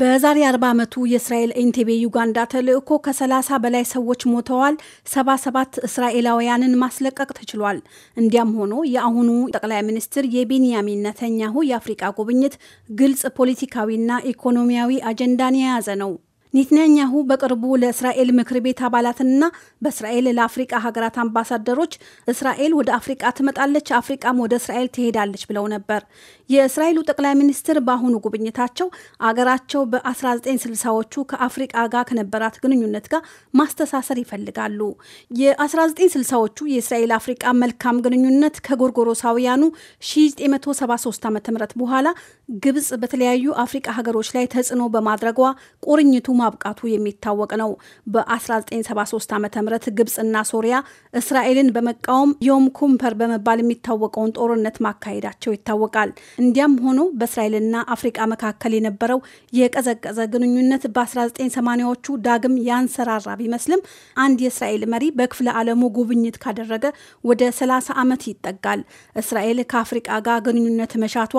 በዛሬ 40 ዓመቱ የእስራኤል ኤንቴቤ ዩጋንዳ ተልእኮ ከ30 በላይ ሰዎች ሞተዋል፣ 77 እስራኤላውያንን ማስለቀቅ ተችሏል። እንዲያም ሆኖ የአሁኑ ጠቅላይ ሚኒስትር የቤንያሚን ነተኛሁ የአፍሪቃ ጉብኝት ግልጽ ፖለቲካዊና ኢኮኖሚያዊ አጀንዳን የያዘ ነው። ኔትንያሁ በቅርቡ ለእስራኤል ምክር ቤት አባላትና በእስራኤል ለአፍሪቃ ሀገራት አምባሳደሮች እስራኤል ወደ አፍሪቃ ትመጣለች፣ አፍሪቃም ወደ እስራኤል ትሄዳለች ብለው ነበር። የእስራኤሉ ጠቅላይ ሚኒስትር በአሁኑ ጉብኝታቸው አገራቸው በ1960ዎቹ ከአፍሪቃ ጋር ከነበራት ግንኙነት ጋር ማስተሳሰር ይፈልጋሉ። የ1960ዎቹ የእስራኤል አፍሪቃ መልካም ግንኙነት ከጎርጎሮሳውያኑ 1973 ዓ ም በኋላ ግብጽ በተለያዩ አፍሪቃ ሀገሮች ላይ ተጽዕኖ በማድረጓ ቁርኝቱ ማብቃቱ የሚታወቅ ነው። በ1973 ዓ ም ግብፅና ሶሪያ እስራኤልን በመቃወም ዮም ኩምፐር በመባል የሚታወቀውን ጦርነት ማካሄዳቸው ይታወቃል። እንዲያም ሆኖ በእስራኤልና አፍሪቃ መካከል የነበረው የቀዘቀዘ ግንኙነት በ1980ዎቹ ዳግም ያንሰራራ ቢመስልም አንድ የእስራኤል መሪ በክፍለ ዓለሙ ጉብኝት ካደረገ ወደ 30 ዓመት ይጠጋል። እስራኤል ከአፍሪቃ ጋር ግንኙነት መሻቷ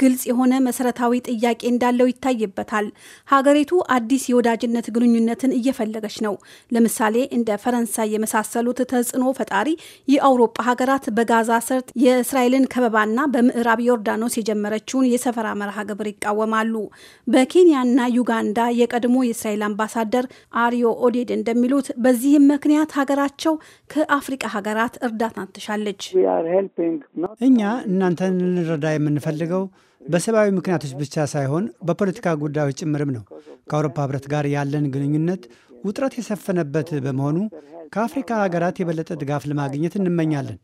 ግልጽ የሆነ መሰረታዊ ጥያቄ እንዳለው ይታይበታል። ሀገሪቱ አዲስ የወዳጅነት ግንኙነትን እየፈለገች ነው። ለምሳሌ እንደ ፈረንሳይ የመሳሰሉት ተጽዕኖ ፈጣሪ የአውሮፓ ሀገራት በጋዛ ሰርጥ የእስራኤልን ከበባና በምዕራብ ዮርዳኖስ የጀመረችውን የሰፈራ መርሃ ግብር ይቃወማሉ። በኬንያና ዩጋንዳ የቀድሞ የእስራኤል አምባሳደር አሪዮ ኦዴድ እንደሚሉት በዚህም ምክንያት ሀገራቸው ከአፍሪቃ ሀገራት እርዳታ ትሻለች። እኛ እናንተን ልንረዳ የምንፈልገው በሰብአዊ ምክንያቶች ብቻ ሳይሆን በፖለቲካ ጉዳዮች ጭምርም ነው። ከአውሮፓ ህብረት ጋር ያለን ግንኙነት ውጥረት የሰፈነበት በመሆኑ ከአፍሪካ ሀገራት የበለጠ ድጋፍ ለማግኘት እንመኛለን።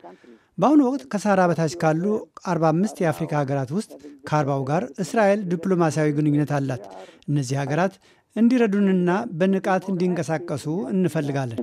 በአሁኑ ወቅት ከሳራ በታች ካሉ 45 የአፍሪካ ሀገራት ውስጥ ከአርባው ጋር እስራኤል ዲፕሎማሲያዊ ግንኙነት አላት። እነዚህ ሀገራት እንዲረዱንና በንቃት እንዲንቀሳቀሱ እንፈልጋለን።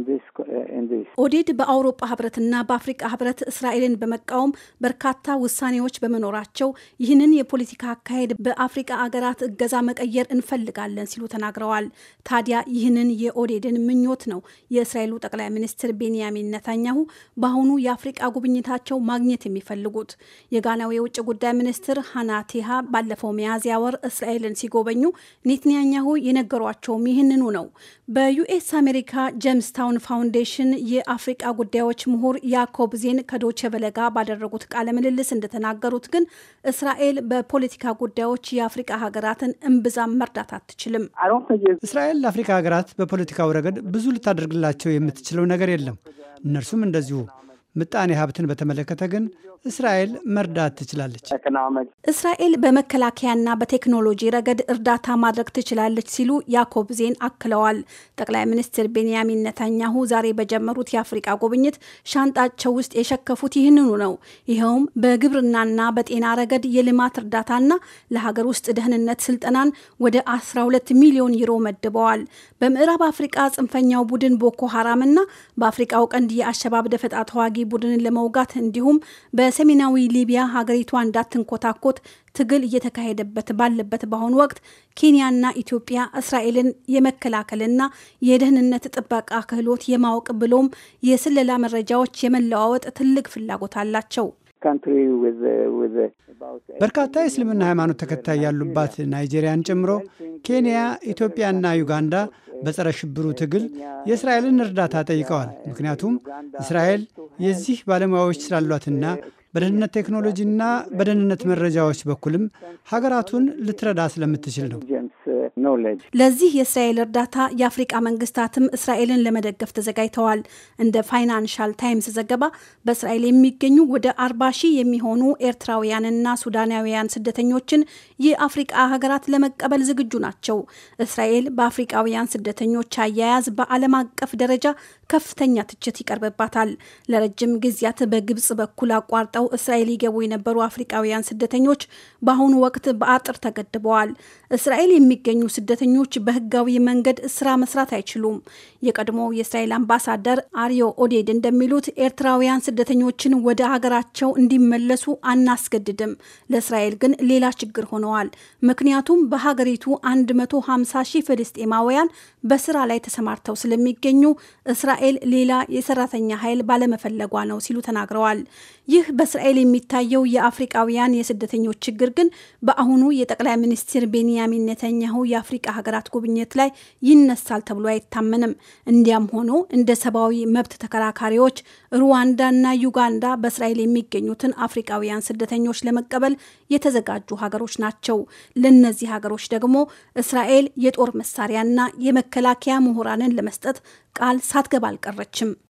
ኦዴድ በአውሮፓ ህብረትና በአፍሪቃ ህብረት እስራኤልን በመቃወም በርካታ ውሳኔዎች በመኖራቸው ይህንን የፖለቲካ አካሄድ በአፍሪቃ አገራት እገዛ መቀየር እንፈልጋለን ሲሉ ተናግረዋል። ታዲያ ይህንን የኦዴድን ምኞት ነው የእስራኤሉ ጠቅላይ ሚኒስትር ቤንያሚን ነታኛሁ በአሁኑ የአፍሪቃ ጉብኝታቸው ማግኘት የሚፈልጉት። የጋናው የውጭ ጉዳይ ሚኒስትር ሃና ቴሃ ባለፈው ሚያዝያ ወር እስራኤልን ሲጎበኙ ኔትንያኛሁ የነገሯቸውም ይህንኑ ነው። በዩኤስ አሜሪካ ጀምስታውን ፋውንዴሽን የአፍሪቃ ጉዳዮች ምሁር ያኮብ ዜን ከዶቼ ቬለ ጋር ባደረጉት ቃለ ምልልስ እንደተናገሩት ግን እስራኤል በፖለቲካ ጉዳዮች የአፍሪቃ ሀገራትን እምብዛም መርዳት አትችልም። እስራኤል ለአፍሪካ ሀገራት በፖለቲካው ረገድ ብዙ ልታደርግላቸው የምትችለው ነገር የለም። እነርሱም እንደዚሁ ምጣኔ ሀብትን በተመለከተ ግን እስራኤል መርዳት ትችላለች። እስራኤል በመከላከያና በቴክኖሎጂ ረገድ እርዳታ ማድረግ ትችላለች ሲሉ ያኮብ ዜን አክለዋል። ጠቅላይ ሚኒስትር ቤንያሚን ነታኛሁ ዛሬ በጀመሩት የአፍሪቃ ጉብኝት ሻንጣቸው ውስጥ የሸከፉት ይህንኑ ነው። ይኸውም በግብርናና በጤና ረገድ የልማት እርዳታና ለሀገር ውስጥ ደህንነት ስልጠናን ወደ 12 ሚሊዮን ዩሮ መድበዋል። በምዕራብ አፍሪቃ ጽንፈኛው ቡድን ቦኮ ሀራምና በአፍሪቃው ቀንድ የአሸባብ ደፈጣ ተዋጊ ቡድንን ለመውጋት እንዲሁም በሰሜናዊ ሊቢያ ሀገሪቷ እንዳትንኮታኮት ትግል እየተካሄደበት ባለበት በአሁኑ ወቅት ኬንያና ኢትዮጵያ እስራኤልን የመከላከልና የደህንነት ጥበቃ ክህሎት የማወቅ ብሎም የስለላ መረጃዎች የመለዋወጥ ትልቅ ፍላጎት አላቸው። በርካታ የእስልምና ሃይማኖት ተከታይ ያሉባት ናይጄሪያን ጨምሮ ኬንያ፣ ኢትዮጵያና ዩጋንዳ በጸረ ሽብሩ ትግል የእስራኤልን እርዳታ ጠይቀዋል። ምክንያቱም እስራኤል የዚህ ባለሙያዎች ስላሏትና በደህንነት ቴክኖሎጂና በደህንነት መረጃዎች በኩልም ሀገራቱን ልትረዳ ስለምትችል ነው። ለዚህ የእስራኤል እርዳታ የአፍሪቃ መንግስታትም እስራኤልን ለመደገፍ ተዘጋጅተዋል። እንደ ፋይናንሻል ታይምስ ዘገባ በእስራኤል የሚገኙ ወደ አርባ ሺህ የሚሆኑ ኤርትራውያንና ሱዳናውያን ስደተኞችን የአፍሪቃ ሀገራት ለመቀበል ዝግጁ ናቸው። እስራኤል በአፍሪቃውያን ስደተኞች አያያዝ በዓለም አቀፍ ደረጃ ከፍተኛ ትችት ይቀርብባታል። ለረጅም ጊዜያት በግብጽ በኩል አቋርጠው እስራኤል ይገቡ የነበሩ አፍሪቃውያን ስደተኞች በአሁኑ ወቅት በአጥር ተገድበዋል። እስራኤል የሚገኙ ስደተኞች በህጋዊ መንገድ ስራ መስራት አይችሉም። የቀድሞ የእስራኤል አምባሳደር አሪዮ ኦዴድ እንደሚሉት ኤርትራውያን ስደተኞችን ወደ ሀገራቸው እንዲመለሱ አናስገድድም፣ ለእስራኤል ግን ሌላ ችግር ሆነዋል። ምክንያቱም በሀገሪቱ 150 ሺህ ፍልስጤማውያን በስራ ላይ ተሰማርተው ስለሚገኙ እስራኤል ሌላ የሰራተኛ ኃይል ባለመፈለጓ ነው ሲሉ ተናግረዋል። ይህ በእስራኤል የሚታየው የአፍሪቃውያን የስደተኞች ችግር ግን በአሁኑ የጠቅላይ ሚኒስትር ቤንያሚን የ የአፍሪቃ ሀገራት ጉብኝት ላይ ይነሳል ተብሎ አይታመንም። እንዲያም ሆኖ እንደ ሰብአዊ መብት ተከራካሪዎች ሩዋንዳ እና ዩጋንዳ በእስራኤል የሚገኙትን አፍሪቃውያን ስደተኞች ለመቀበል የተዘጋጁ ሀገሮች ናቸው። ለእነዚህ ሀገሮች ደግሞ እስራኤል የጦር መሳሪያና የመከላከያ ምሁራንን ለመስጠት ቃል ሳትገባ አልቀረችም።